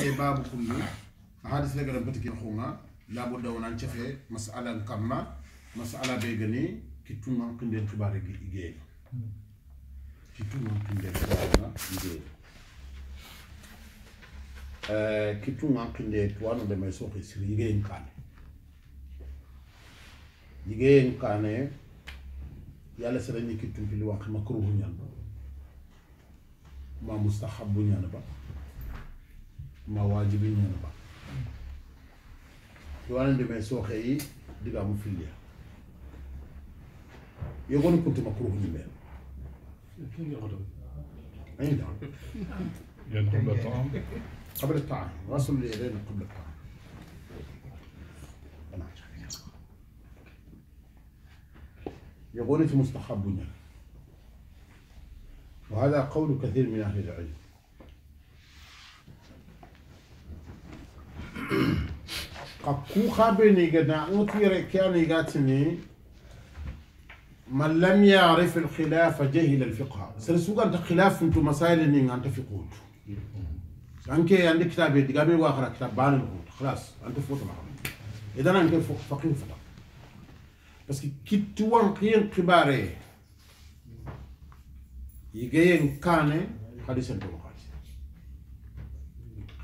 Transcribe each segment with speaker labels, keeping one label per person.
Speaker 1: e babu kumni hadis le gara batiki khunga labo dawnan cefe mas'alan kamma mas'ala be gani kitunga kinde tubare gi ige kitunga kinde tubare ige eh kitunga kinde tuano de mai soki siri ige nkane ige nkane yalla sere ni kitum pili wa makruhu nyano ma mustahabu nyano ba ma wajibi ñanaba iwana ndeme sooxeyi digamu filiya yogonu kuntuma kuruhu ñimeen أي نعم. يعني قبل الطعام؟ قبل الطعام، غسل اليدين قبل الطعام. يقول في مستحب وهذا قول كثير من أهل العلم. ككو خابني قد نعوتي ركاني قاتني من لم يعرف الخلاف جهل الفقه سرسوك أنت خلاف أنت مسائل إن أنت قوت أنك عندك كتاب يدقامي وآخر كتاب بان الغوت خلاص أنت قوت معهم إذا أنت فقيه فقه بس كتوان قيم قباري يجين كان حديث الدوحة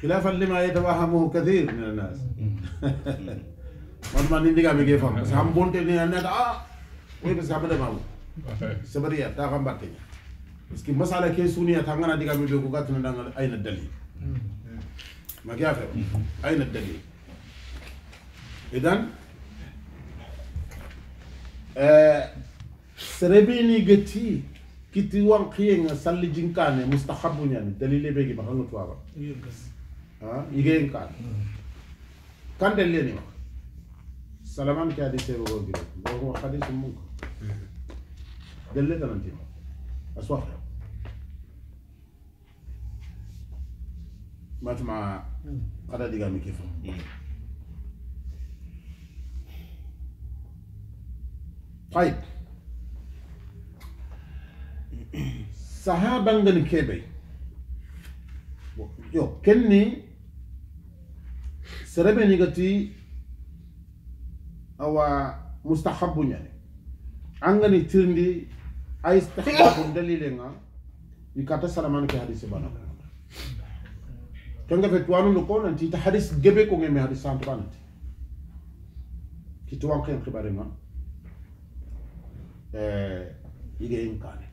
Speaker 1: خلافا لما يتوهمه كثير من الناس ما نين ديغا كيف هم بس هم بونتي ني انا اه وي بس هم ده ماو سبريا تا غم باتي بس كي مساله كي سوني تانغنا ديغا بيجي كو غاتنا دان اين الدليل ما كافر اين الدليل اذا آه سربيني جتي كتي وان قيين صلي جنكانه مستحب يعني دليل بيجي بخلو توابا ha igen kan kan del leni wa salaman ke adi sero go gire go go khadi sum mun del le tan tin aswa matma kada diga mi kifo طيب sahaban gan kebe yo kenni serebe nigati awa mustahabu ñani angani tirndi ay istahabu dalile nga yikata salamani ke hadise bana to ngafe tuwanundo ko nanti ta hadis gebe ko ngeme hadis santo banati ki tuwan ken xibare nga yigeyin kane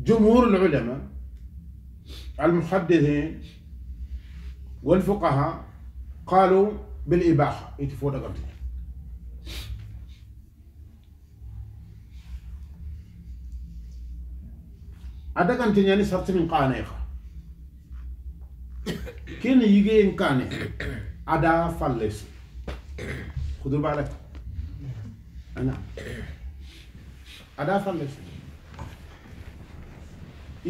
Speaker 1: jumhur ulama المحدثين والفقهاء قالوا بالإباحة يتفو إيه دقمتي أدقمتي يعني صرت من قانيخة كين يجي إن كاني أدا فلس خذوا بالك أنا أدا فلس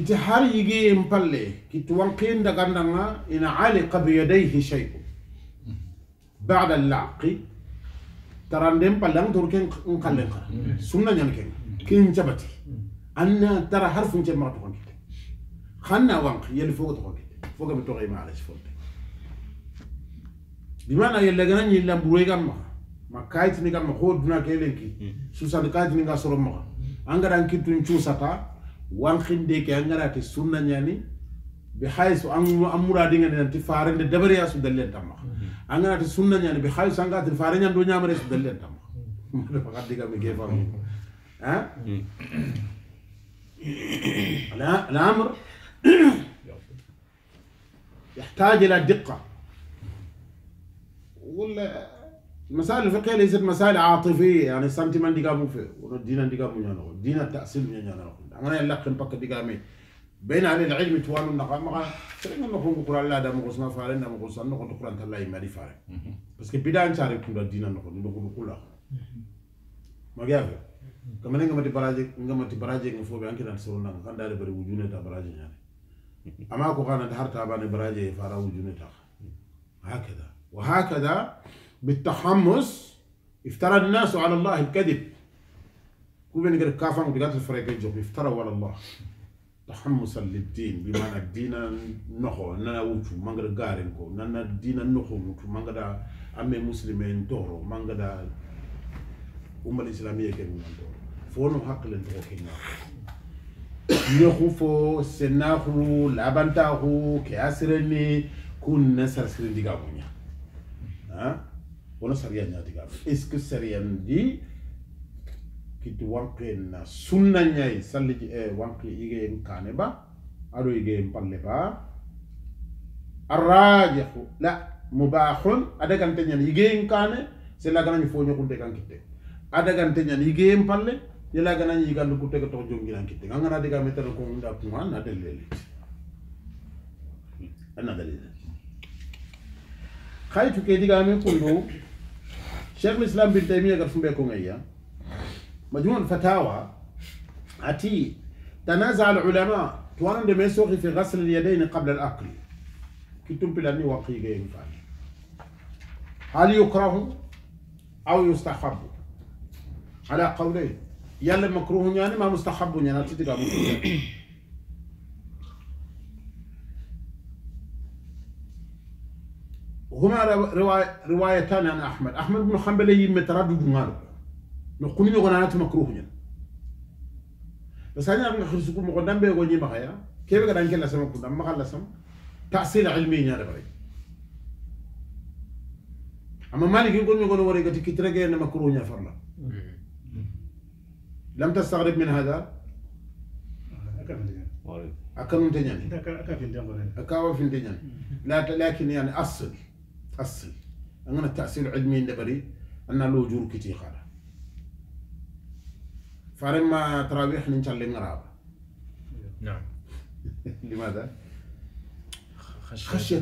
Speaker 1: إتحار يجي مبلي كتوان كين دقننا إن عالق بيديه شيء بعد اللعق ترى ندم بلان تركين نقلن قرا سنة جنكين كين جبتي أن ترى حرف من جمرة تقولي خلنا وانق يلي فوق تقولي فوق بتوعي ما عليش فوق بمعنى يلي جنان يلي بروي ما ما كايت نيجا ما خود نا كيلينكي سوسا كايت نيجا سرمها أنغرا أنكي تنشوسا تا wankhinde ke angarati sunna ñani bi haysu amuradingani nanti farende dabariya su dalen tamma angarati sunna ñani bi haysu angati fare ñan do ñamare su dalen tamma fakat diga mi ke fam ha الامر يحتاج الى دقه ولا المسائل الفقهيه ليست مسائل عاطفيه يعني سنتي من ديغا مو في ودينا ديغا مو نانو دينا التاصيل مو نقول انا لا كن بك ديغا مي بين اهل العلم توان النقام ما سرين نقو نقول الله دام قصنا فارن دام قصنا نقول نقول القران الله يمري فارن بس كبدا أن شاري كون دينا نقول نقول نقول ما جاء غاف كمان إنك ما براجي إنك ما براجي إنك فوق انكي نان سولنا كان داري بري وجودنا تا يعني اما كو كان هرتا بان براجي فارا وجودنا هكذا وهكذا بالتحمس افترى الناس على الله الكذب كوبين غير كافان بقات الفريق الجوب افتروا على الله تحمسا للدين بمعنى الدين نخو نانا وتو مانغدا غارينكو نانا الدين نخو وتو مانغدا امي مسلمين دورو مانغدا umma l'islamiyya ke mun to fo no hakle to ke سناخو لابنتاخو كياسرني كون نسر سرين labanta ها ke wona sariya ñaatiga ɓe est ce que ki kiti wanke na sunna ñayi ji e wanke en kane ba aɗo igeyen palle ba arrajihu la mubahun adagante ñan igeyen kane c'est laganañi fo ñokunte kan kitte adagante ñan igeyen palle ye laganañi yigandu kutte ko tox jonginan kitte a ngana diga metana ko unda kuma na dellelit anna dalila xaytu ke digamen kundu شيخ الاسلام بن تيميه قال فمبيا ايا مجموع فتاوى اتي تنازع العلماء توانا دم يسوخي في غسل اليدين قبل الاكل كتم بلاني وقي غير هل يكره او يستحب على قولين يلا مكروه يعني ما مستحب يعني تتقى هما روايتان عن أحمد أحمد بن حنبل يمتردد نار نقول نيغو نانات مكروه نيان بس أنا أنا خرسكو مقدم بيغو ني بخيا كيف قد أنك لسم مقدم ما لسم تأصيل علمي نيان بري أما مالك يقول نيغو نوري قتي كترقى أن مكروه نيان فرلا لم تستغرب من هذا أكمل تنيان أكمل تنيان يعني. أكمل تنيان يعني. يعني. لكن يعني أصل asli angana tahsil ilmi ndebari anna lo juru kiti kada farema tarawih nin challe ngaraba نعم لماذا؟ خشية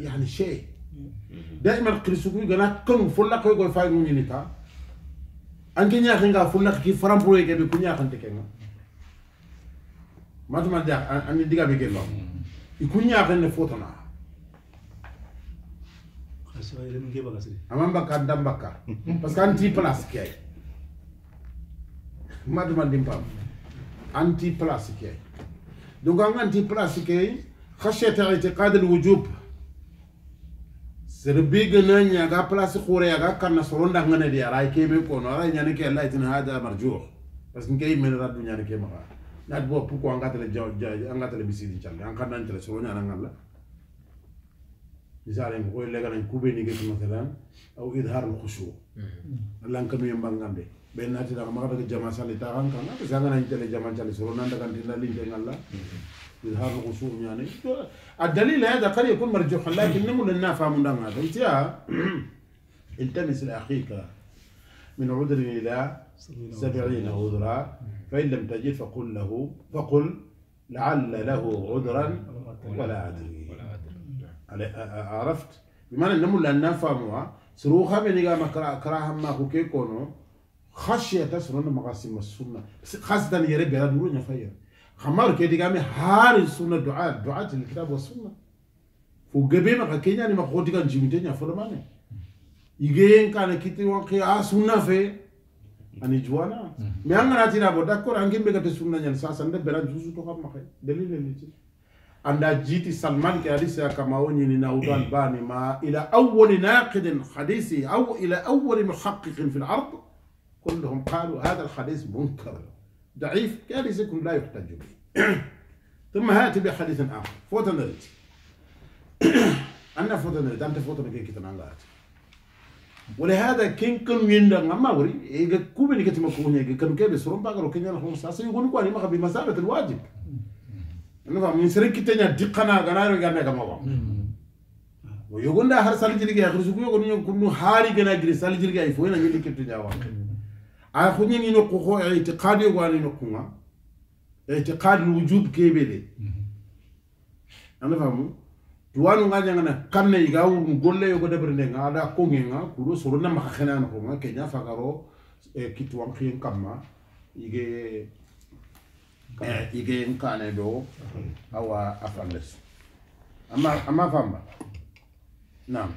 Speaker 1: يعني شيء دائما الكريسوكو يقول كن فلق يقول فايروني نتا أنك نياخن غا فلق كي فرامبرو يجي بيكون نياخن تكينا ما تما ديا أنا ديغا بيجي لهم يكون نياخن نفوتنا aman bakka an bakka parce que anti place ya ke ay maduma anti place ke ay anti place ke ay khashiyata i'tiqad al-wujub ga bige na ñaga place xure yaga kanna soro ndangane di aray keme kono aray ñani ke allah itin hada marjuh parce que ngay men raddu ñani ke maxa nat bo pourquoi angatale jaw angatale bisidi cande an kannan tele soro ñana مثال يقول لك أنا كوبي نيجي مثلا أو إظهار الخشوع لأن كانوا يوم به بين ناتي ما مرة الجماعة سالي تاغان كنا بس أنا نجي جماعة سالي سرونا لك أنت لا لين تين الله إظهار الخشوع يعني الدليل هذا قد يكون مرجوح لكن نقول للنافع من ماذا أنت يا التمس لأخيك من عذر إلى سبعين عذرا فإن لم تجد فقل له فقل لعل له عذرا ولا أدري عرفت بمعنى نمو لا نفهموا سروها بنيجا ما كراها ما هو كي كونو خشية سنون مقاسم السنة خاصة يا يري بيرا نور نفيا خمار كي ديجا مي هار السنة دعاء دعاء الكتاب والسنة وجبي ما يعني ما خودي كان جيمتين يا يجين كان كتير وقيا سنة في أني جوانا mi أنا ganatira bo داكور an gimɓe gata sumnañan sa sande beran jusuto kam maxe dalil le litin anda jiti salman ke hadisi ya kama woni ni na udan bani ma ila awwal naqid hadisi aw ila al كلهم قالوا هذا الحديث منكر ضعيف كاليس لا يحتج به ثم هاتي بحديث اخر فوت انا فوت انت فوت نريد كتن ولهذا كين كن يندا ما وري إيه كوبي نكتب مكوني كن كيف يسرون بعكرو كين ينحون ساسي يقولون قاني ما خبي مسألة الواجب anga fam min sere k i t a n y a dikana gana g a r a ganna gama wa o yogonda har s a l j i a g e ya khursu ko nyo kunu hari gana g a r a s a l j i a g e ay foina nyi kitenya wa a khunyi ni no ko ho i'tiqadi wa ni no kuma i'tiqadi wujub kebele anga famu a duwanu nga nyangana kanne iga wu golle y o g a debrene nga ada konge nga kudo soro na makhenana ko nga kenya fagaro eh, kitwam khien kama ige igen eh, kane do mhm. awa afandes ama ama famba naam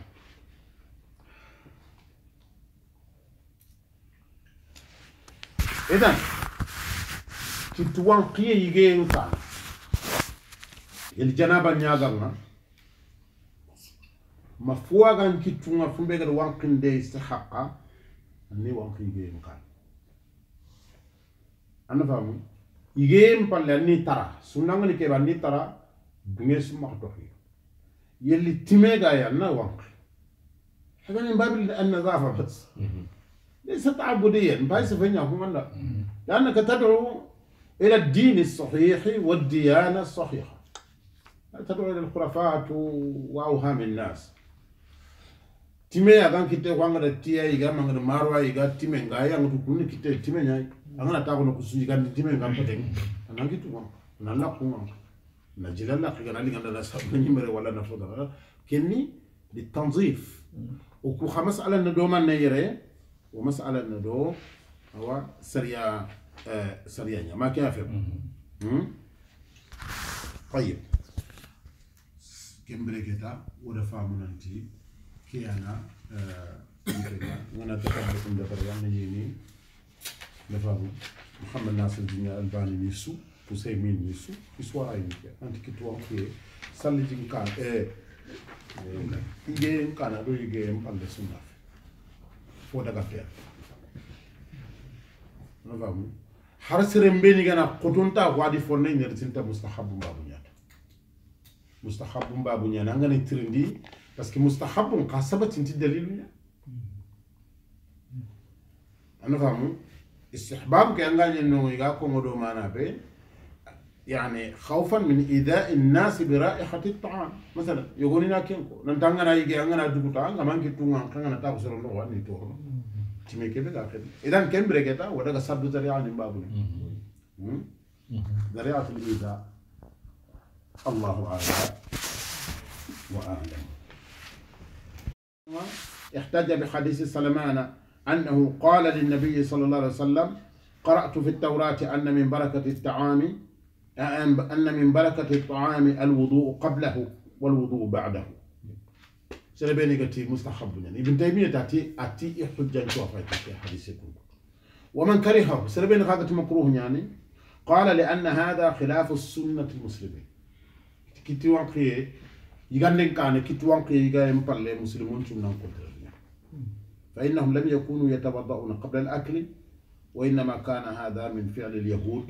Speaker 1: idan kituwan kiye igen kan il janaba nyaganga mafuwa gan kitunga fumbe gal wankinde istihaqa ni wanki igen kan anafamu يجيم palle ni سنانغ sunangani ke ban ni tara يلي summa to hi yelli هذا من باب النظافة بس ليس تعبديا بايس فين يقوم الله لانك تدعو الى الدين الصحيح والديانه الصحيحه تدعو الى الخرافات واوهام الناس تيمي اغان كتير وانغ تيا ايغا مانغ ماروا ايغا تيمي غايا نكون كيتي تيمي angana ta kono kusuji kan dime kan pateng anangi tu kan nalla ku kan na jilalla ki kan ali kan da sabu ni mere wala na foda kenni di tanzif o ku khamas ala na do man na yere o masala na do awa sariya sariya nya ma kya fe طيب كمبريكيتا ولا فامونانتي كيانا انا تكبركم دبر يعني نفهم محمد ناصر الدين الباني نيسو وسيمين نيسو يسوى عينك أنت كتوه في سالي جنكان إيه يجي مكان أدو يجي مبالي سنة فودا كفيا نفهم حرسر مبيني كان قطن تا وادي فورني نرسل تا مستحب بابو نيات مستحب بابو نيات أنا ترندي بس كي مستحب قاسبة انت دليل أنا فاهمه استحباب كان قال انه يقاكم ودو ما بين يعني خوفا من ايذاء الناس برائحه الطعام مثلا يقول لنا كينكو نتانغنا يجي انغنا دوكوتا انغا مانكي تونغا انا تاكو سرون لو واني تو تيمي كيبي كاكد اذا كان بريكتا ودا سبب ذريعه من بابنا ذريعه الايذاء الله اعلم واعلم احتج بحديث سلمان أنه قال للنبي صلى الله عليه وسلم قرأت في التوراة أن من بركة الطعام أن من بركة الطعام الوضوء قبله والوضوء بعده سيري بيني قلتي مستحب يعني ابن تيمية تأتي أتي حجة توفيت في حديثكم ومن كرهه سيري بيني هذا مكروه يعني قال لأن هذا خلاف السنة المسلمين كتوان قيه يغنن كان كتوان قيه يغنن بالله مسلمون تمنان قدر فإنهم لم يكونوا يتوضؤون قبل الأكل وإنما كان هذا من فعل اليهود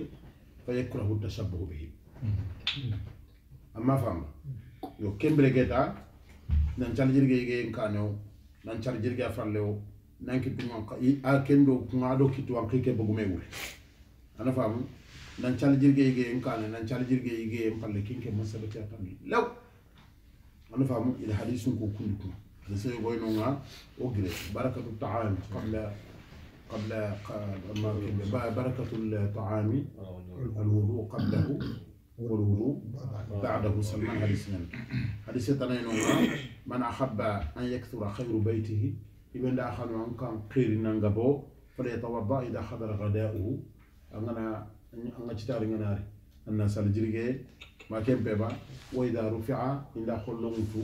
Speaker 1: فيكره التشبه بهم أما فهم yo kembere geta nan caljirge yegen kanewo nan caljirge a fallewo nan kittuman a kendo kuga ɗo kittuwan kike bogume wure ana faamu nan caljirge yegen kane nan caljirge yigeyen palle kinke masaɓete a tanni lew ana faamu ila hadisum ko kundi kuma لسيبوينونا نعم. أجري بركة الطعام قبل قبل بركة الطعام الوضوء قبله والوضوء بعده سماها الإسلام حديث تنين نعم. تنينونا من أحب أن يكثر خير بيته إبن دا أخذ عن كان قير ننقبو فليتوضأ إذا حضر غداؤه أنا أنا جتار ناري أنا سالجريجي ما كان بيبا وإذا رفع إذا خلقته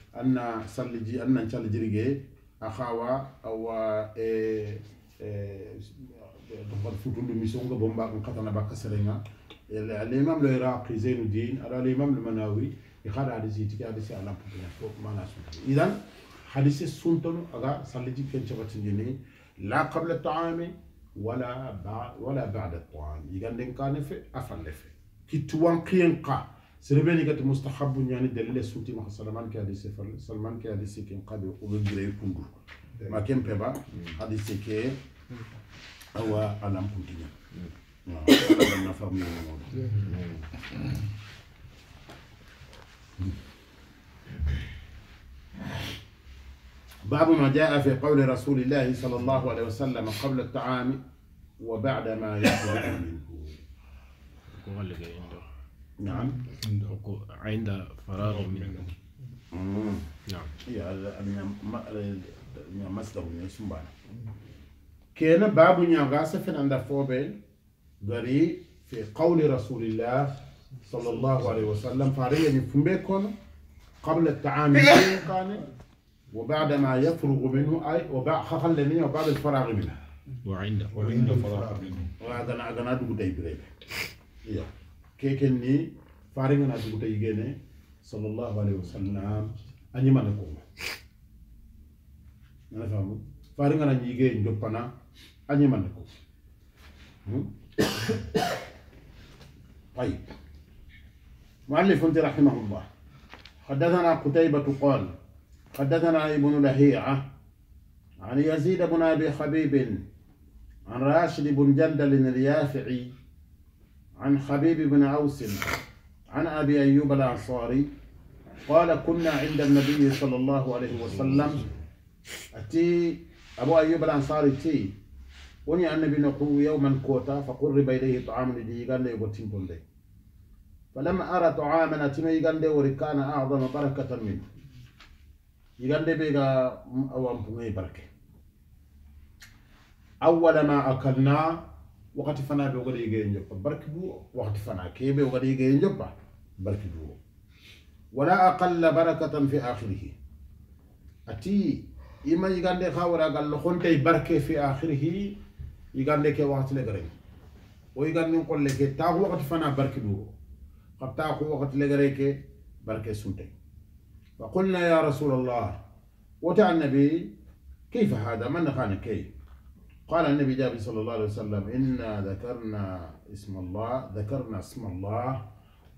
Speaker 1: anna salliji annan callijirgue a xawa awa e dokad futundu mission ga bomba kan katana bakka serenga l'imam le iraqi zainuddin ala l'imam le manawi e xaɗa hadisi tigi hadisi a lamputuna ko mana sunta idan hadisi suntanu aga salliji ken cabatindini la qable taami wala wala bada taami yiganden kane fe a falle fe kittuwan qiyen qa سلبيني كت مستحب يعني دليل سوتي ما سلمان كهدي سفر سلمان كهدي سكين قابي وقبل جري كنجر ما كان بابا هدي سكين هو علم كنتي نعم. أنا فاهمي الموضوع باب ما جاء في قول رسول الله صلى الله عليه وسلم قبل الطعام وبعد ما يأكل منه نعم عند فراغ من يا نعم ما masdar ne sun ba kena babu nya ga safin anda fobel gari fi qawli الله sallallahu alaihi wasallam fariya ni fumbe kono قبل التعامل كان وبعد ما يفرغ منه اي وبعد خفل منه وبعد الفراغ منه وعند وعند فراغ منه وهذا انا انا ادو داي بريبه keken ni farengana duguta yigene sallallahu alaihi wasallam ko anyimana kuma nana famu farengana yige ndoppana anyimana ko طيب مؤلف رحمه الله حدثنا قتيبة قال حدثنا ابن لهيعة عن يزيد بن أبي حبيب عن راشد بن جندل اليافعي عن حبيب بن عوس عن أبي أيوب الأنصاري قال كنا عند النبي صلى الله عليه وسلم أتي أبو أيوب الأنصاري تي وني النبي نقول يوما كوتا فقرب إليه طعام لدي قال لي وتنقل لي فلما أرى طعاما أتي قال لي وركان أعظم بركة منه يقال لي بيغا أوام بركة أول ما أكلناه وقت فنا بغلي جين جبا برك بو وقت فنا كيب بغلي جين جبا برك بو ولا أقل بركة في آخره أتي إما يغاندي خاورا قال لخون تي بركة في آخره يغاندي كي وقت لغرين ويغاندي نقول لكي تاغ وقت فنا برك بو قد تاغ وقت لغرين كي بركة سنتي وقلنا يا رسول الله وتع النبي كيف هذا من خانك كيف قال النبي جابر صلى الله عليه وسلم إنا ذكرنا اسم الله ذكرنا اسم الله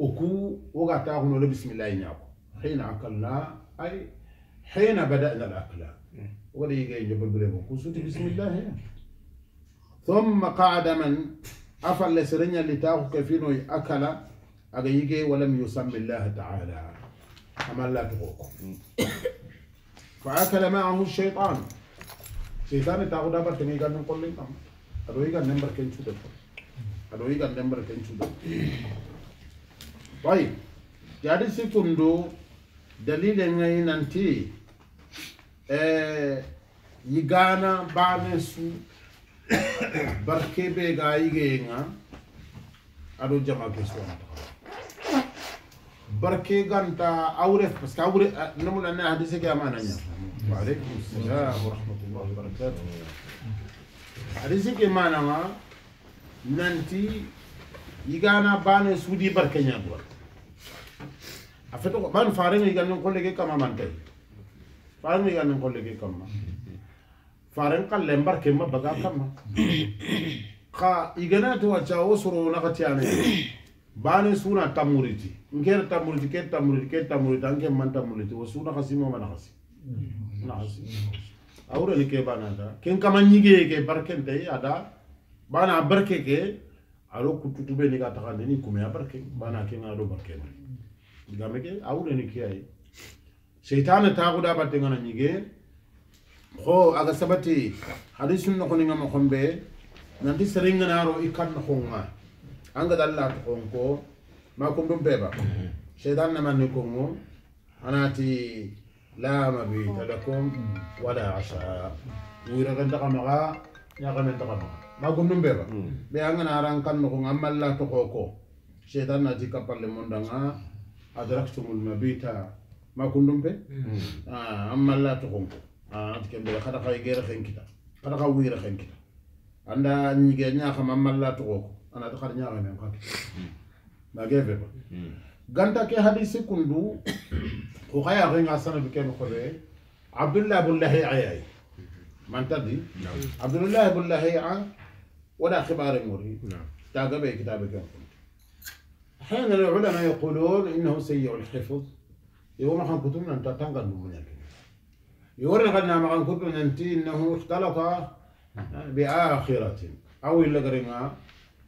Speaker 1: أكو وقعتاهن بسم الله ينعكو حين أكلنا أي حين بدأنا الأكل ولا يجي جبل بلغو بسم الله ثم قعد من أفل سرنيا اللي تاخو كيفينو أكل أجيجي ولم يسمي الله تعالى أما لا تقوكم فأكل معه الشيطان seetaani taako dabar tenga igannan qollen qaba adoo igannan barkeenchuu dabta adoo igannan barkeenchuu dabta ayib yaadisi kun duu daliilengayi nanti yigaana eh, baanesu barkee beegaa yigeenga adoo jamaa keesuwanata بركي غانتا اورف بس كاوري نمول انا هذه سكي امانه وعليكم السلام ورحمه الله وبركاته هذه سكي امانه نانتي يغانا بان سودي بركه نيابور افتو بان فارن يغان نقول لك كما مانتي فارن يغان نقول لك كما فارن قال لهم بركه ما كما خا يغانا تو اجاو سرو نغتيانه bane suna tamuriti nger tamuriti ke tamuriti ke tamuriti anke man tamuriti wo suna khasi mo man khasi na khasi ni ke bana da ken kama nyige ke barken de ada bana barke ke aro kututube ni kata kan ni kumya barke bana ke na do barke ni game ke awra ni ke ai shaytan ta guda batte ngana nyige ko aga sabati hadisun no ko ni ngam khombe nanti sering ngana ro ikan khonga anga ga dalla ko ma kum dum beba mm-hmm. shaytan na man ko mo anati la bi talakum oh. mm-hmm. wala asha wira kan ka maga ya kan daga ka ma kum dum beba be mm-hmm. anga na ran kan ko amal la to ko shaytan na ti kapalle mon danga adraktumul mabita ma kum dum be amal la to ko anti ah, kem be khada khay gere khen kita khada khay wira khen kita anda nyige nya khama amal la to ko ana to khar nyaara men khaki ma geve ba ganta ke hadisi kundu o khaya ko nga sanadu ken ko be abdullah ibn lahi ayay man tadi abdullah ibn lahi an ولا خبار مري تعقب كتابك أحيانا العلماء يقولون إنه سيء الحفظ يوم ما كتبنا أنت تنقل من يورغنا ما كتبنا أنت إنه اختلط بآخرة أو إلا قرنا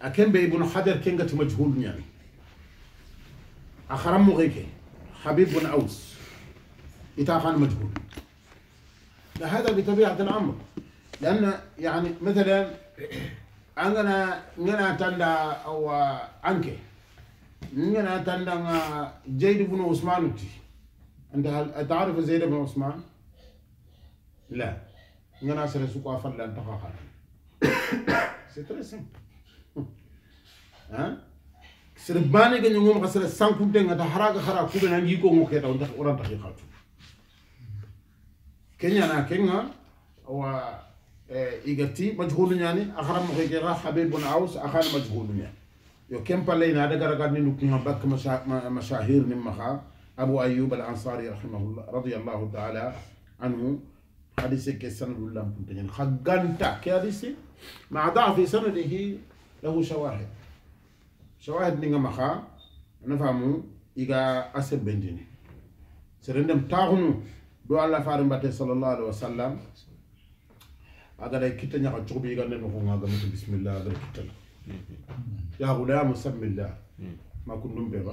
Speaker 1: akembe ibnu hadar kengati majhul ñani a xaram moxe ke habib bun aus ita xan بطبيعة الأمر لأن يعني مثلا أنا أنا تندا أو عنك أنا تندا زيد بن عثمان أنت هل تعرف زيد بن عثمان؟ لا أنا سرسوك أفضل أن تخاخر سي تري سيمبل sere bane ga nyongo ma sere sanku denga ta haraga khara ku bena ngi ko ngo ke taw ndax oran taxi khatu kenya na kenga wa igati majhulu nyani akhara mo ke ga habib bin aus akhana majhulu nyani yo kempa leyna ada gara gar ni nu kuma bak masahir ni maha abu ayyub al ansari rahimahullah radiyallahu ta'ala anhu hadise ke sanadul lam puntanyen khaganta ke hadise ma da fi sanadihi lahu shawahid shawahid ninga maha na famu iga asebendini serendem taxunu do allah faru mbate salallahu alaihi wasallam day kitta ñaxa iga yiga ko nga gamatu bismillah kitta Ya yaxuda musammillah ma kundum beba.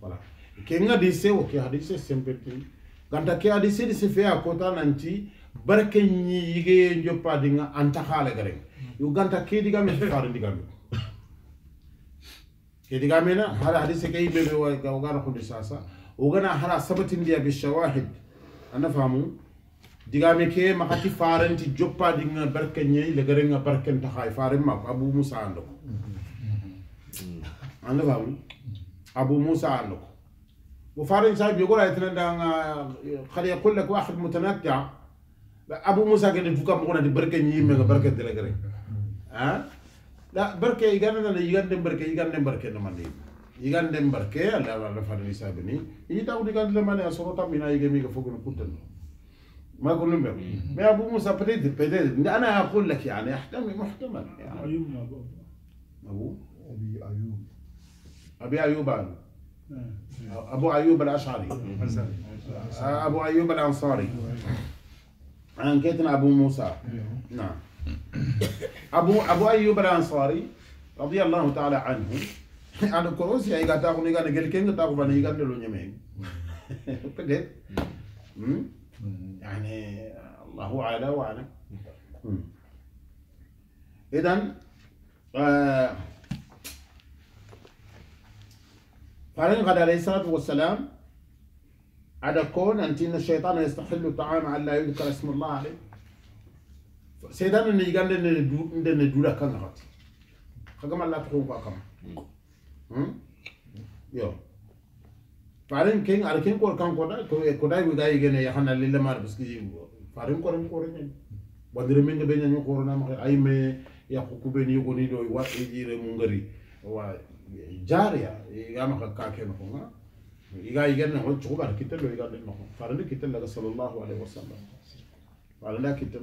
Speaker 1: wala ke hadise o ke hadise sempeltin ganta ke hadise di se ya kota nanti barke ñi yigeye di nga antaxale gare yu ganta ke faru di ndigame كيدي قامينا هلا حديث كي بيبي وغانا خد ساسا وغانا هلا ثبت ليا بالشواهد انا فهمو قامي كي ما خاتي فارنتي جوبا دينا بركني لغرنا بركن تخاي فارن ما ابو موسى عندك انا فهمو ابو موسى عندك وفارن صاحب يقول ايتنا خلي يقول لك واحد متنكع ابو موسى كان يفكر مغنى بركني ميغا بركه دلغري ها أه؟ لا barke igana لا igande barke igande barke na mandi igande لا لا لا farni sabini ini taw digande na mani asoro tamina igemi ga fogun kutan ما اقول لهم ما ابو موسى بريد بريد انا اقول لك يعني احتمل محتمل يعني ايوب ابو ابي ايوب ابي ايوب آه، آه. ابو ايوب الاشعري ابو ايوب آه، الانصاري عن كيتنا ابو موسى أيوه. نعم أبو أبو أيوب الأنصاري رضي الله تعالى عنه أنا كروس يا أيها تاخو نيجا نقول كين تاخو بني يجا نلو نيمين بديت يعني الله أعلى وأعلم إذا فارن قد عليه الصلاة والسلام على كون أنتين الشيطان يستحل الطعام على لا يذكر اسم الله عليه seydanu ne yiga ndene du ndene duda kan ngati kagama la hmm? ko kam yo paren ken ar ken ko kan ko da ko e ko dai wi dai parce que paren ko ren ko ren bandire men be nyanyo ko na ay me ya ko ku do wa jire e mu ngari wa e jariya yiga ma ka ke ko yiga yiga ko ko bar kitel yiga den ko paren kitel la sallallahu alaihi wasallam wala kitel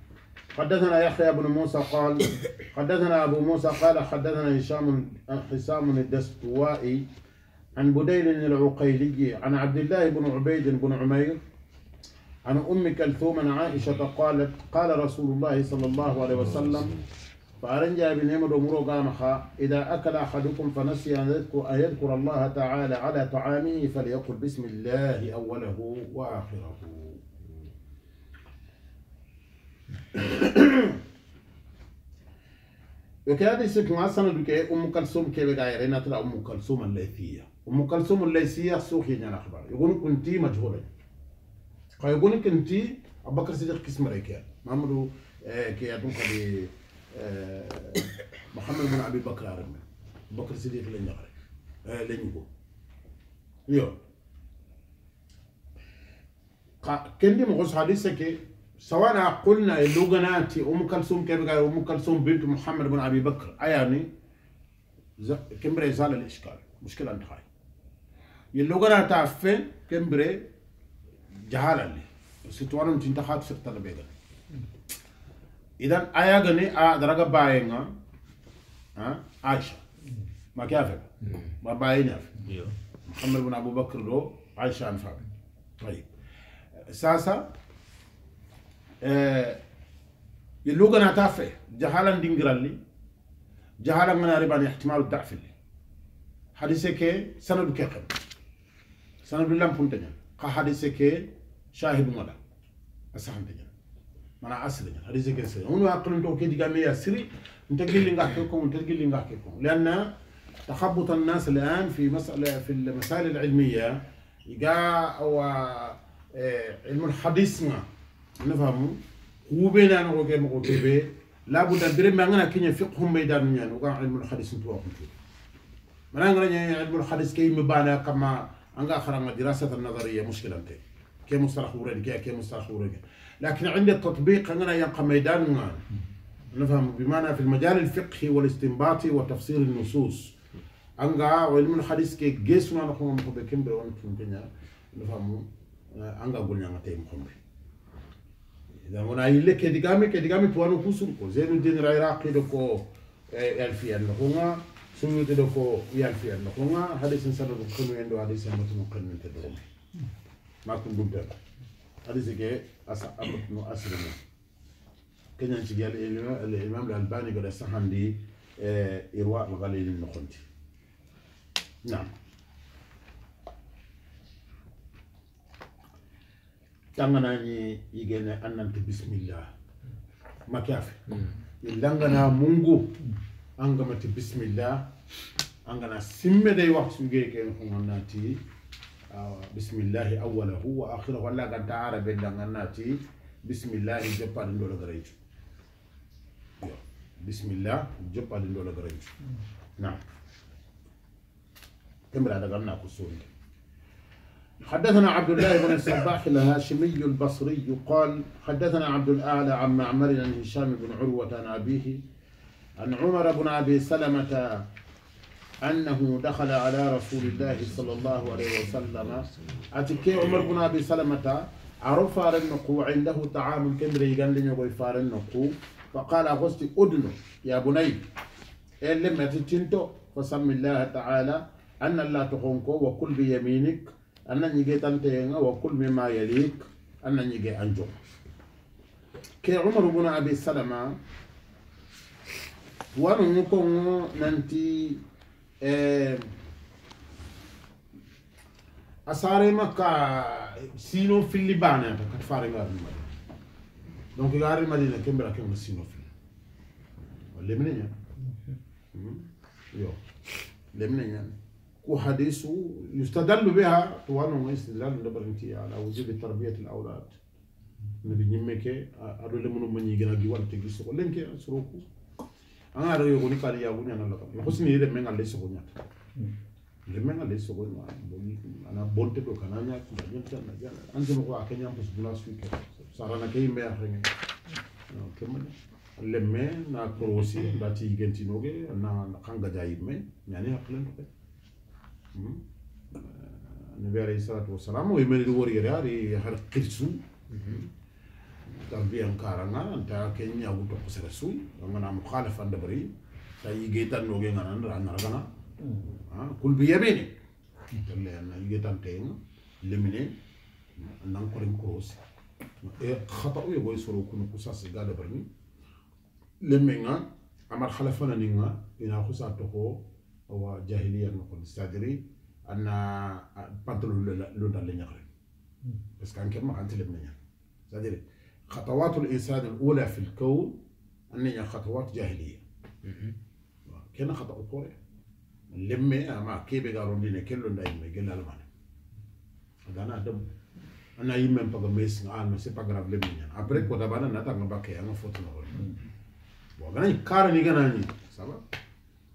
Speaker 1: حدثنا يحيى بن موسى قال حدثنا أبو موسى قال حدثنا هشام حسام الدستوائي عن بديل العقيلي عن عبد الله بن عبيد بن عمير عن أم كلثوم عن عائشة قالت قال رسول الله صلى الله عليه وسلم فأرنجا بن بنعمة قامخا إذا أكل أحدكم فنسي أن يذكر الله تعالى على طعامه فليقل بسم الله أوله وآخره وكذا يسك ما سنة دوك أم كلسوم كي بقى رينا ترى أم كلثوم الليثية أم كلثوم الليثية سوقي نانا خبر يقولون كنتي مجهولة قاي يقولون كنتي أبو بكر كسم كيس ما مرو كي أدون كبي محمد بن أبي بكر عرمي بكر صديق لين يغرق لين يقول يو كندي مغوص حديثة كي سواء قلنا اللغنا أم كلثوم كيف قال أم كلثوم بنت محمد بن أبي بكر أياني كمبري زال الإشكال مشكلة أنت هاي اللغنا تعرفين كمبري جهالا لي ستوانا تنتخاب سرطان بيغن إذا أيا غني أ درجة باينغا ها عائشة ما كيف ما باينها أيوه. محمد بن أبو بكر لو عائشة أنفاق طيب ساسا يلوغنا تافه جهالا دينغرالي جهالا من ربان احتمال الضعف اللي حديثه كي سند كخم سند لام فنتنا قا حديثه كي شاهد مولا اسهم تجن مانا اصل جن حديثه كي سن هو عقل انت كي ديغا ميا سري انت قيل لي نحكيكم انت قيل لي نحكيكم لان تخبط الناس الان في مساله في المسائل العلميه يقا او علم الحديث na famu hube na no ke mo ke be la bu da bire ma ngana kinya fiqhu mai da nunya no ga ilmul hadis to wa kuntu mana ngana nya ilmul hadis ke mi bana kama anga kharanga dirasat an-nazariyya mushkilan ke ke mustarah wurin ke ke mustarah wurin لكن عند التطبيق أنا يبقى ميدان نفهم بمعنى في المجال الفقهي والاستنباطي وتفسير النصوص أنغا وعلم الحديث كي جيسونا نخونا مخبكين بروان كنكنا نفهم أنغا قلنا نتيم خمري اذا وانا قايل لك ادي جامك ادي جامك وانا كوسنكو زين الدين العراقي لكو يالفي النخوما سميت لكو يالفي النخوما هذا سنسرد كنو يندو هذا سنمت مكن من تدوم ما كن بمدر هذا زكي أس أمرت نو أسلم كنا نجي الإمام الألباني قال الصحن دي إرواء الغليل النخنتي نعم tanganani yigene annanta bismillah makafe yillangana mungu angamati bismillah angana simmede waxtu suge ken honati bismillahi awalahu wa akhirahu alla ganta arabe danganati bismillahi joppade ndola garaytu bismillah joppade ndola garaytu nam kembira daga na ko sonde حدثنا عبد الله بن الصباح الهاشمي البصري قال حدثنا عبد الأعلى عن معمر عن هشام بن عروة عن أبيه عن عمر بن أبي سلمة أنه دخل على رسول الله صلى الله عليه وسلم أتكي عمر بن أبي سلمة عرف النقو عنده طعام كبري قال لي فار النقو فقال غسل أدنو يا بني إن لم تتنتو فسم الله تعالى أن الله تخونكو وكل بيمينك أن نيجي تنتين وكل مما يليك أن نيجي أنجو كي عمر بن أبي سلمة وأنا نكون ننتي إيه asarema ka sino filli bane ta kat fare ngar ma donc ngar ma dina kembra kem sino filli o lemne nya yo lemne nya وحديث يستدل بها طوال استدلال لبرنتي على وجوب تربية الأولاد نبي نيمك أدو لمنو من يجنا جوال تجلس ولين كي سروكو أنا أدو يغني كاري يغني أنا لكم نحسن يد من على سكونيا لمن على سكونيا أنا بنت دو كنا نيا كنا نيا كنا نيا أنت مكو أكنيا بس بلا سويك سارنا كي ما يخرجني كمان لمن نا كروسي باتي يجنتي نوجي نا كان جايب من يعني أقلن كده Nabi alaihissalatu wassalam o imeni ɗo wori ari har kirsu ta mbiyan karanga anta ke ñagu tokko sere suy angana mo khalafa dabari ta yigey tan noge ngana ndara naragana kul bi yamene talle anna yigey tan teyenga lemine nan koren kuros e khata uye boy soro kuno kusas ga dabarni lemenga amar khalafa naninga ina khusa toko هو جاهلية نقول استادري أن بانتلو لودا لنيغرين بس كان كما أنت لبنيا استادري خطوات الإنسان الأولى في الكون أن هي خطوات جاهلية mm-hmm. كنا خطأ كوري لما ما كيف قالوا لنا كلهم دايما قلنا لهم هذا أنا دم أنا يمين بقى ميس آه، انا ما سيبقى غراب لبنيا أبرك وده بانا نتا نبكي أنا فوتنا mm-hmm. ولا وغنى كارني غنى سبب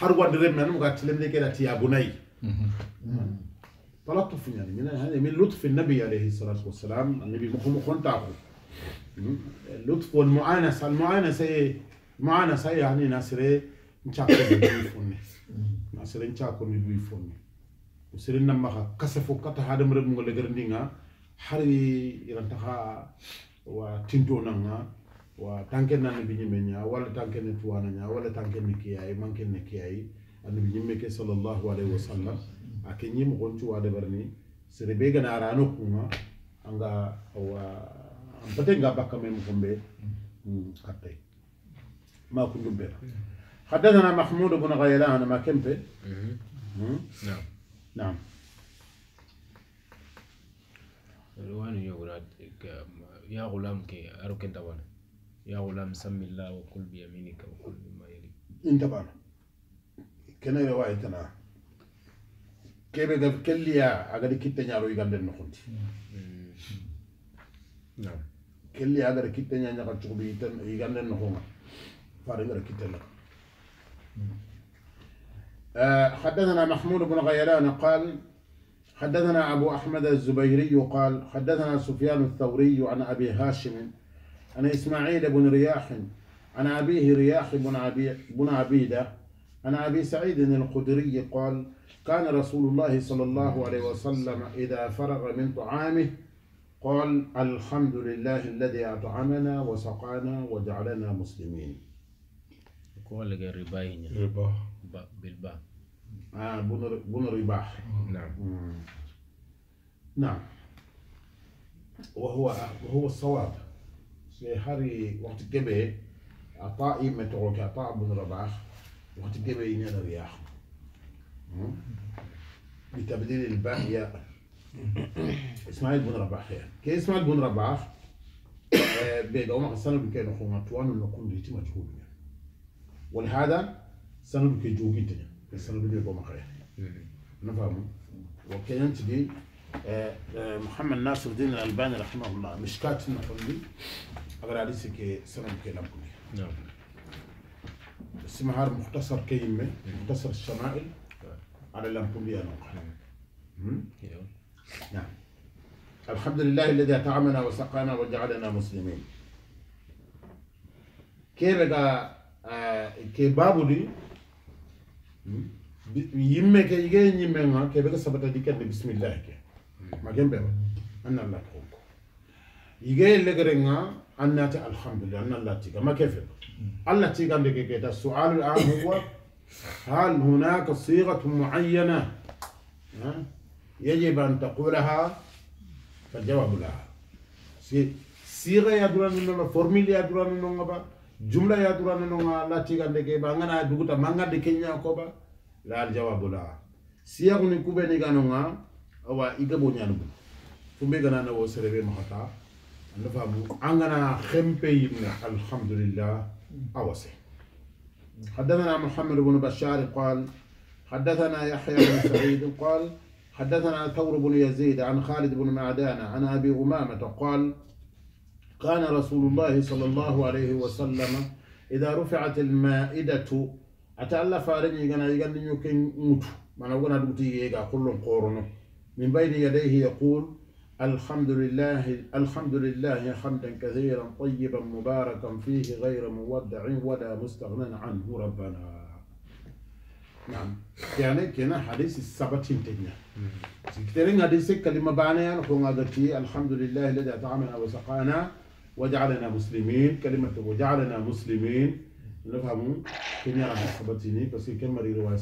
Speaker 1: har wadire men muga tilemde ke lati ya bunay min hani nabi alayhi salatu wasalam anabi nabi mukhum khonta lutf wal mu'anasa al mu'anasa mu'anasa yani nasire nchako ni fonne nasire nchako ni lui fonne usirin namma kata hadam rem ngol garndinga wa tinto nanga وتانكن أنا بيجي مني أول تانكن توانا نيا أول تانكن مكياي ما كن مكياي أنا بيجي مك صلى الله عليه وسلم أكيني مغنتو وادا برني سربيعا نارانو كума أنعا أو أم تتنعا بكمة مكمبي كاتي ما كنت بيرا حدثنا محمود بن غيلان ما كنت نعم نعم الوان يا غلام كي أروكن دوانه يا غلام سم الله وكل بيمينك وكل بما يليك انتبه كنا رواية تنا كيف ده كليا يا كيتا نيارو يقال لنا خنتي نعم كليا أقدر كيتا نيارو يقال تشغبي يقال لنا خنا فارغ كيتا لك آه، حدثنا محمود بن غيلان قال حدثنا أبو أحمد الزبيري قال حدثنا سفيان الثوري عن أبي هاشم عن إسماعيل بن رياح عن أبيه رياح بن, عبي بن عبيدة عن أبي سعيد الخدري قال كان رسول الله صلى الله عليه وسلم إذا فرغ من طعامه قال الحمد لله الذي أطعمنا وسقانا وجعلنا مسلمين قال رباين ربا بالباء آه بن رباح نعم نعم وهو وهو الصواب hari waxtu gebe ata i metoro ke ata abun rabah waxtu gebe i nena riyah بتبديل الباء ياء اسماعيل بن رباح يعني كي اسماعيل بن رباح بيدعو مع السنة بكي نخوما توانو نكون ديتي مجهول يعني ولهذا سنة بكي جوجي تنيا السنة بكي يدعو مع نفهم وكي ننتبه محمد ناصر الدين الألباني رحمه الله مشكات نحن اگر علی سے سنم کے نعم السمهار مختصر كلمة مختصر الشمائل على الأنبولية نعم نعم الحمد لله الذي أطعمنا وسقانا وجعلنا مسلمين كيرغا آه، كي بابو دي يمي كي يجي يمي ما كي بيغا سبتا دي كان بسم الله كي ما كان بيبا أنا الله تقوم يجي لغرنا أنا الحمد لله أنا الله تيجا ما كيف الله تيجا عندك كده السؤال الآن هو هل هناك صيغة معينة يجب أن تقولها فالجواب لا صيغة يا دوران نونا فورميل يا دوران نونا با جملة يا دوران نونا الله تيجا عندك بعنا دوكتا مانغا دكينيا كوبا لا الجواب لا صيغة نكوبة نيجا نونا أو إيجا بونيا نبو فمبيجنا نو سربي مهتا nafamu angana خمبينا الحمد لله أوسه حدثنا محمد بن بشار قال حدثنا يحيى بن سعيد قال حدثنا ثور بن يزيد عن خالد بن معدان عن أبي أمامة قال كان رسول الله صلى الله عليه وسلم إذا رفعت المائدة أتألف فارني يغنى يغنى يكن موت من بين يديه يقول الحمد لله الحمد لله حمدا كثيرا طيبا مباركا فيه غير مودع ولا مستغنى عنه ربنا نعم يعني كنا حديث السبت تنتهي كتيرين حديث كلمة بعنيان خونغادتي الحمد لله الذي أطعمنا وسقانا وجعلنا مسلمين كلمة وجعلنا مسلمين نفهم كنا على سبتيني بس كلمة رواية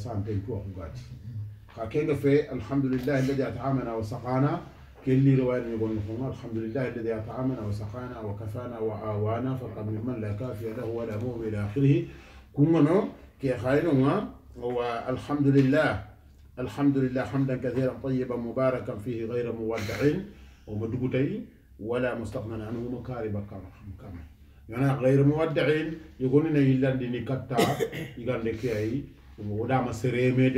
Speaker 1: الحمد لله الذي أطعمنا وسقانا كل رواية يقول نقول الحمد لله الذي أطعمنا وسقانا وكفانا وعاوانا فقد من نعم لا كافي له ولا مو إلى آخره نو نعم، كي نعم، هو الحمد لله الحمد لله حمدا كثيرا طيبا مباركا فيه غير مودع ومدقتي ولا مستغنى عنه مكارب كما يعني غير مودعين يقول لنا إلا ديني كتا يقول لك أي ودا ما سريمي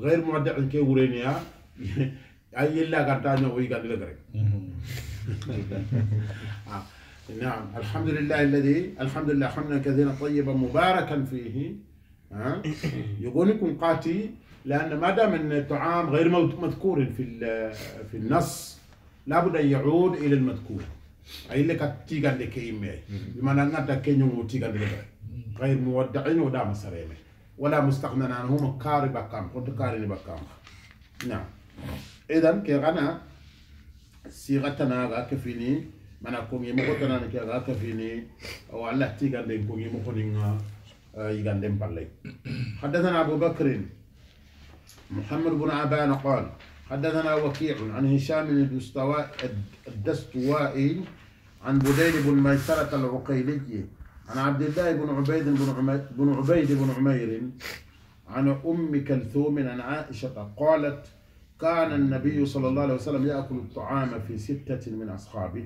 Speaker 1: غير مودعين كي ورينيا ay illa garta ñoo way gandi نعم الحمد لله الذي الحمد لله حمدا كثيرا طيبا مباركا فيه ها آه. لكم قاتي لان ما دام ان الطعام غير مذكور في في النص لابد ان يعود الى المذكور اي لك تيغان لك يمي بما ان انت كينو تيغان لك غير مودعين ودا مسريمه ولا مستغنى عنهم كاربا كام كنت كارني بكام نعم اذا كيغانا سيغتنا غاكفيني كفيني mana kongi غاكفيني tanani ke ga kafini o allah tigande kongi حدثنا ابو بكر محمد بن عبان قال حدثنا وكيع عن هشام الدستوائي عن بديل بن ميسرة العقيلي عن عبد الله بن عبيد بن بن عبيد بن عمير عن ام كلثوم عن عائشه قالت كان النبي صلى الله عليه وسلم يأكل الطعام في ستة من أصحابه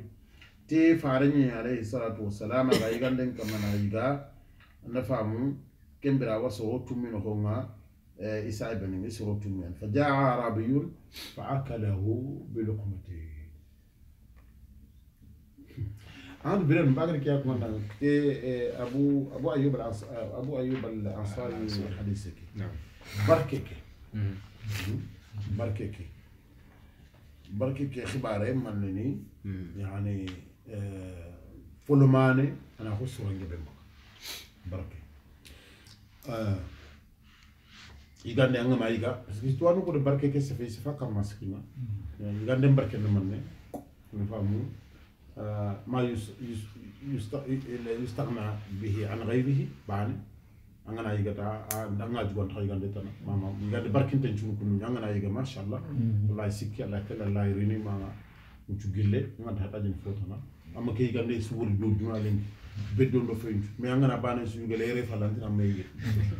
Speaker 1: تي فارني عليه الصلاة والسلام على دين كما نايغا نفهم كم برا وصوه تمين هما إساء آه، بن مصر تمين فجاء عربي فأكله بلقمته عن بيرن بعد كي أكون آه، أبو أبو أيوب الأنص أبو أيوب الأنصاري آه، الحديثي نعم بركك بركيكي بركيكي خباري مالني يعني آه، فلماني انا خصو رنجي بمك بركي آه، يغان دي انغما يغا بس كي توانو كو بركي كي سفي سفا كام ماسكينا يعني يغان دي بركي نمن ني ني ما يستغنى به عن غيره بعني angana yigata anga jugon tax yigande tan mama yigande barkinte ci mukun angana yiga ah, machallah mm-hmm. wallahi sikki allah kala allah rini mama ci gille ngada hatajin fotana amma ke yigande su wuri do juma len beddo do feñ mais angana bana su yigale re falanti am may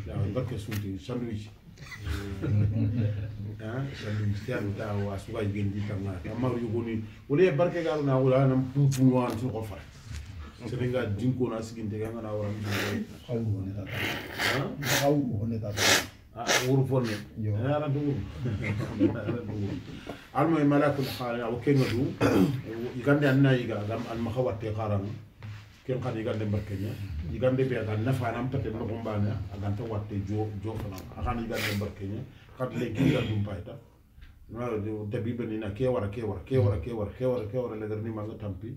Speaker 1: ya barke sunti sandwich Ha, ah, sandwich tan ta wa su ga yigendi tan ma ma yugoni wala barke garu na wala nam pu pu wan su ko fara sebe ga dinko na sigin te ga na wara mi xaw mo ne ta ha xaw mo ne ta ah wuru fonne ana do wuru almo e malakul khala o kenga du yigande anna yiga gam al makhawate kharam ken khadi yigande barke nya yigande be ga nafa nam tete no gombana aganta watte jo jo fana akan yigande barke nya kad le ginga dum paita no dabibe ni na ke wara ke wara ke wara ke wara ke wara ke wara le garni ma tampi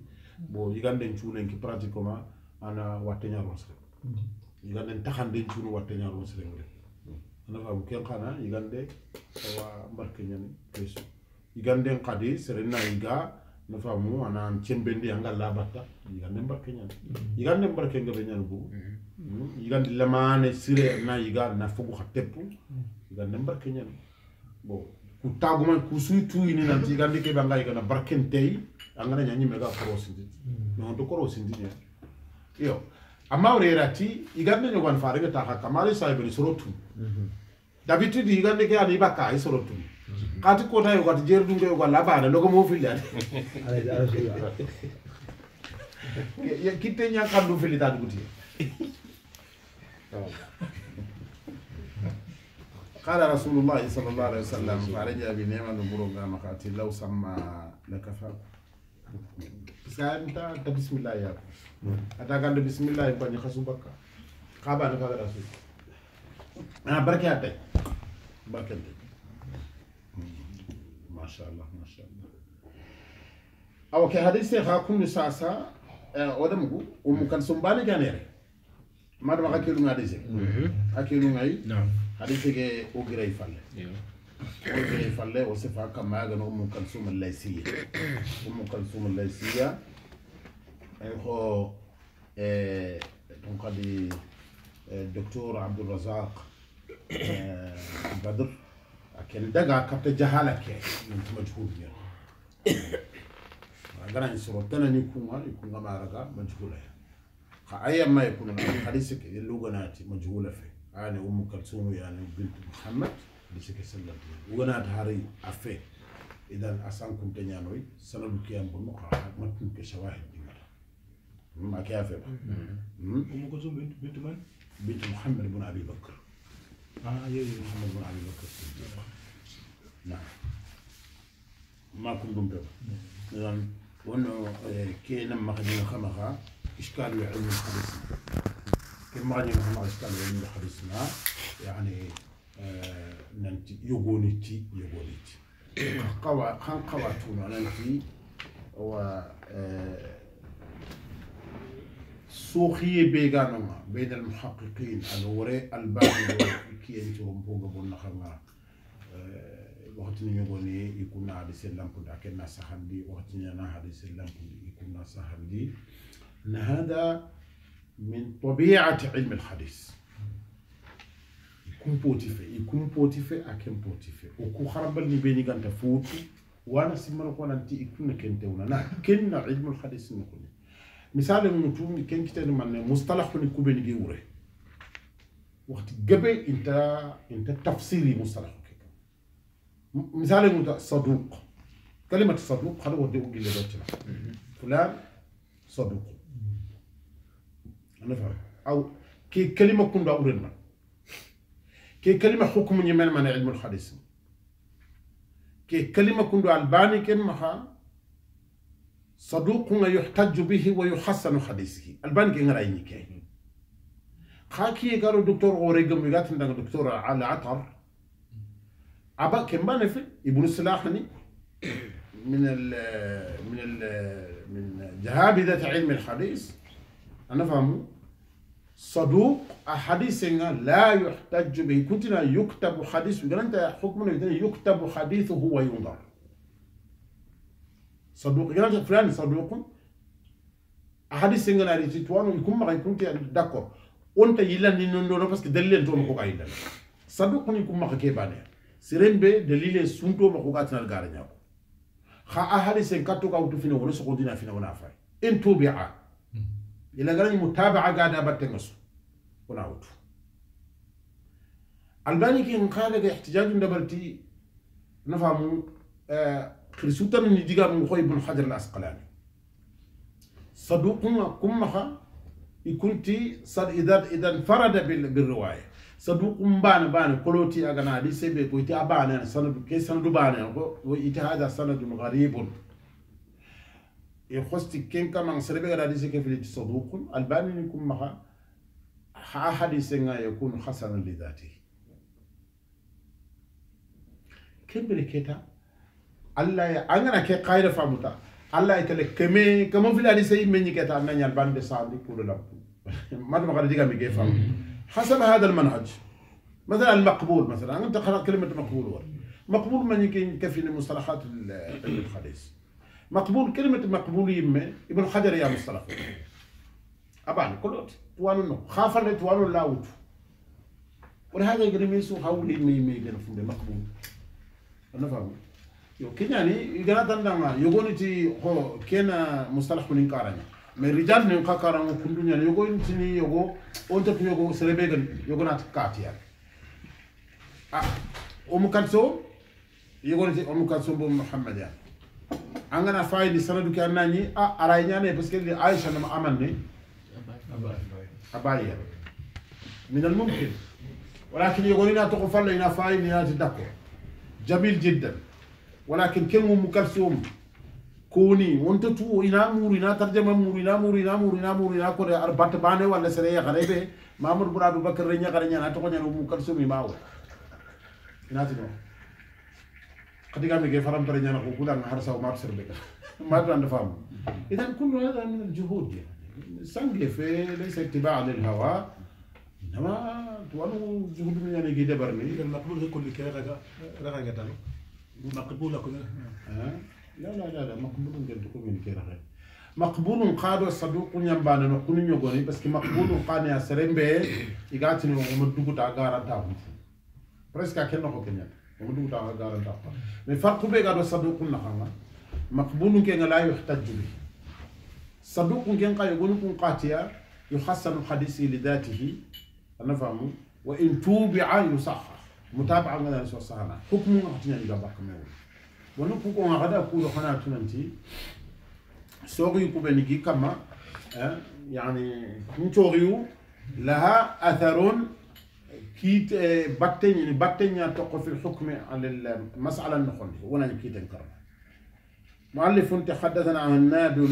Speaker 1: bon yiganden cuunenki pratiquement ana watteñaron sere mm-hmm. yiganden taxanden cuunu watteñaron serengre ana faamu ken xana yigande awa mbarke ñani question yiganden sere na yiga na faamu ana cembendi anga labatta yigande mbarke ñani yigande mm-hmm. mbarke ngaɓe ñani bugu yigande mm-hmm. lamane sire na yiga na fogu xa teppu yigande mbarke ñani bon utagoma kusui tuini nanti kandi ke banga ika na barkentei angana nyanyi mega korosi mm. no ndo korosi ndi nya yo amma urera ti igande nyo kwan farega ta ha kamari sai beni sorotu mhm dabitu di igande ke ani baka ai sorotu mhm. kati kota yo kati jeru dunga yo kwala bana loko mo fili ani ya kitenya kandu fili ta guti قال رسول الله صلى الله عليه وسلم فرجع بنعمة البروغ مقاتل لو سمى لكفاك سأنت أنت بسم الله يا اتا قال بسم الله يبني خصوبك قابا نفاق رسول أنا بركي هاتي بركي ما شاء الله ما شاء الله اوكي كحديث خاكم نساسا آه، ودمكو ومكان سنبالي كان يري ما دمك أكيلو نادي زي أكيلو نادي نعم حديثك وقري فله وقري فله وصفها كما قالوا أم كلثوم الليسية أم كلثوم الليسية هو تنقدي الدكتور عبد الرزاق بدر أكل دقا كبت جهالك أنت مجهول يعني أنا سرطنا يكون يكون ما رجع مجهولة أيام ما يكون الحديث اللغة ناتي مجهولة فيه أنا أم كلثوم يعني بنت محمد بسك سلم وأنا دهاري أفه إذا أسان كنت تنيانوي سلام كيان بنقرا ما تنك شواهد دي ما كيف أم كلثوم بنت بنت من؟ بنت محمد بن أبي بكر آه, آه، يا محمد بن أبي بكر نعم ما كنت تبغى إذا وأنه آه، كي لما خدنا خمخة إشكال يعلم الحديث كما المغني محمد استعمل من حديثنا يعني آه، ننتي يغونيتي يغونيتي قوا خان قوا تونا ننتي و آه، سوخي بيغانوما بين المحققين الوري الباقي كي انتو مبوغا بونا خمارا آه، وقت نيغوني يكون حديث اللامبو دا كنا سحندي وقت نيانا حديث اللامبو يكون سحندي هذا من طبيعة علم الحديث يكون بوتيفة يكون بوتيفة أكيم بوتيفة وكو خرب اللي بيني كانت فوتي وأنا سيما نكون أنت يكون كنت ونا كن علم الحديث نكون مثال من توم كان كتير من مصطلح من كوبين جوره وقت جبه أنت أنت تفسيري مصطلح مثال من صدوق كلمة صدوق خلوه ده أقول لك فلان صدوق او كي كلمه كون دورنا كي كلمه حكم يمن من علم الحديث كي كلمه كون الباني كن مها صدوق يحتج به ويحسن حديثه الباني كن رايني كي خاكي قالوا دكتور اوريغم يغات دكتور على عطر ابا كان بانفي ابن سلاحني من ال من ال من جهابذة علم الحديث أنا فهمه صدوق حديث لا يحتج به كنتنا يكتب حديث قال انت حكمنا يكتب حديثه وينظر صدوق قال انت فلان صدوق حديث سنغنا ريتوان يكون ما كنت داكور وانت يلا نندو باسكو دليل انت ما كاين صدوق يكون كيباني سيرين بي دليل سنتو ما كاتنا الغارنيا خا احاديث كاتو كاوتو فينا ولا سقودينا فينا ونافع انتو بيعه إلا غني متابعة قادة بتنس هنا أوتو ألباني كي نقال لك احتجاج دبرتي نفهم آه، كرسوتا من يجيك من خوي بن حجر الأسقلاني صدوق كم مخا يكون تي صد إذا إذا انفرد بالرواية صدوق بان بان كلوتي أغنى دي سيبه كويتي أبان يعني سند كي سند بان يعني هو هذا سند غريب يخصت كين كما نسرب على رزق في صدوق الباني يكون مها حديث يكون حسنا لذاته كم بركتا الله يا أنا كي قايرة فمتا الله يتل كم كم في الحديث مني كتا أنا يلبان بسالي كل لب ما دم تبغى تيجي ميجي فهم حسب هذا المنهج مثلا المقبول مثلا أنت قرات كلمة مقبول ور مقبول من يمكن كفي المصطلحات الحديث مقبول كلمة مقبول يمه ابن حجر يا مصطلح أبان كلوت توانو نو خاف اللي توانو لاوت ولهذا يقول ميسو هاولي مي مي يقول فولي مقبول أنا فاهم يو يعني يقول هذا لما يقول تي هو كينا مصطلح من كارنا من رجال نيو من كارنا دنيا يقول تني يقول يعني. آه، أنت في يقول سلبيعن يقول نات كاتيا أم كاتسو يقول تي أم كاتسو محمد يعني angana fayidi sanadu ke anani a aray nyane parce que li aisha amal amanne abaya min al mumkin ولكن يقول لنا تقفل لنا فايد لنا تدقى جميل جدا ولكن كلمة مكرسوم كوني وانت تو انا مور انا ترجمة مور انا مور انا مور انا مور انا كوري اربات باني ولا سرية غريبة مامر برادو بكر رنيا غرنيا انا تقول انا مكرسوم ما انا تدقى ketika mi gay faram tarinya na kukulan har sa umar ser beka mar dan defam itan kunu na dan min ya sang gay fe le se tiba alil hawa nama tuanu juhud min yani gay debar ni dan makbul ke kulli kaya raga raga gay dan makbul aku na la la la makbul ngen tuku min kaya raga مقبول قاد الصدوق ينبان نقول نيغوني بس كي مقبول قاد يا سرمبي يغاتني يقولوا تعالى دار الدقة من فرق بيجا بصدوق النخامة مقبول كي لا يحتج به صدوق كي قا يقولوا كن قاتيا يحسن حديثه لذاته أنا فهمه وإن توبع يصحح متابعة من الله سبحانه حكم أعطينا إلى بحكم يقول ونحن كون هذا كله خنا تنتي سوري كوبينيكي كما يعني من لها أثر كيت آه، بكتين يعني بكتين يتقو يعني في الحكم على المسألة النخنة وانا نكيت نكرر مؤلف تحدثنا عن ناد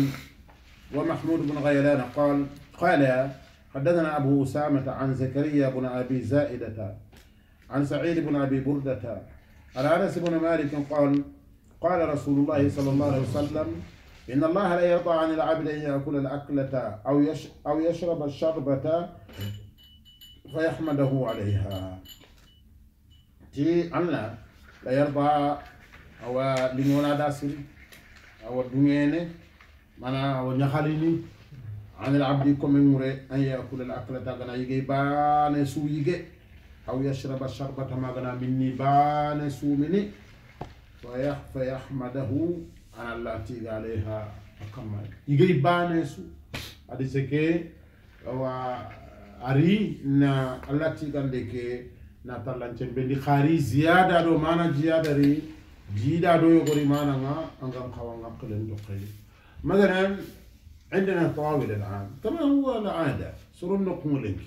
Speaker 1: ومحمود بن غيلان قال قال حدثنا أبو أسامة عن زكريا بن أبي زائدة عن سعيد بن أبي بردة عن أنس بن مالك قال قال رسول الله صلى الله عليه وسلم إن الله لا يرضى عن العبد أن يأكل الأكلة أو أو يشرب الشربة فيحمده عليها تي الله لا يرضى أو لنونا داسل أو الدنيا مانا أو نخاليني عن العبد كممور أن يأكل الأكلة غنا يجي بان سو يجي أو يشرب الشربة ما غنا مني بان سو مني فيح فيحمده أنا التي عليها أكمل يجي بان سو هذا سكي ari na allah tigande ke na tallancen bendi khari ziyada do mana jiyadari jiiɗa ɗo yogori nga angam khawa nga kawaga qilen doqey mathalan عندنا طاولة الآن كما هو العادة سرون نقوم لك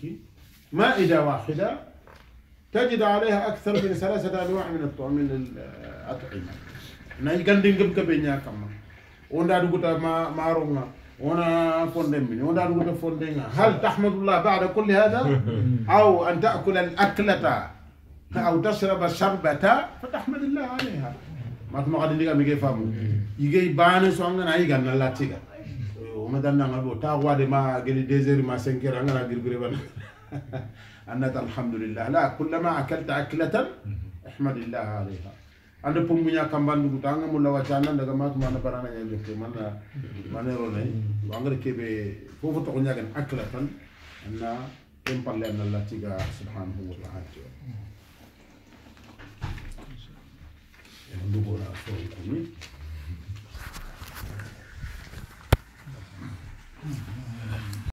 Speaker 1: مائدة واحدة تجد عليها أكثر من ثلاثة أنواع من الطعام الأطعمة نيجان كان دين كم كبينيا كما وندا دوغوتا ما ما رونا هنا مني هنا نقول فندم هل تحمد الله بعد كل هذا او ان تاكل الاكله او تشرب الشربه فتحمد الله عليها ما تما قد ليغا ميغي فامو يجي بان سونغ نا يغا الله تيجا وما دنا نقول تا وادي ما غلي ديزير ما سنكر انا غير غير أنت الحمد لله لا كلما أكلت أكلة احمد الله عليها anda punya kamban dugu tanga mulla wacana daga mat mana barana yang jokke mana mana ronai wangre kebe fofu to nya gan akla kan. nah, anna tempat lain allah tiga subhanahu wa ta'ala ya, dugu na so kuni Thank you.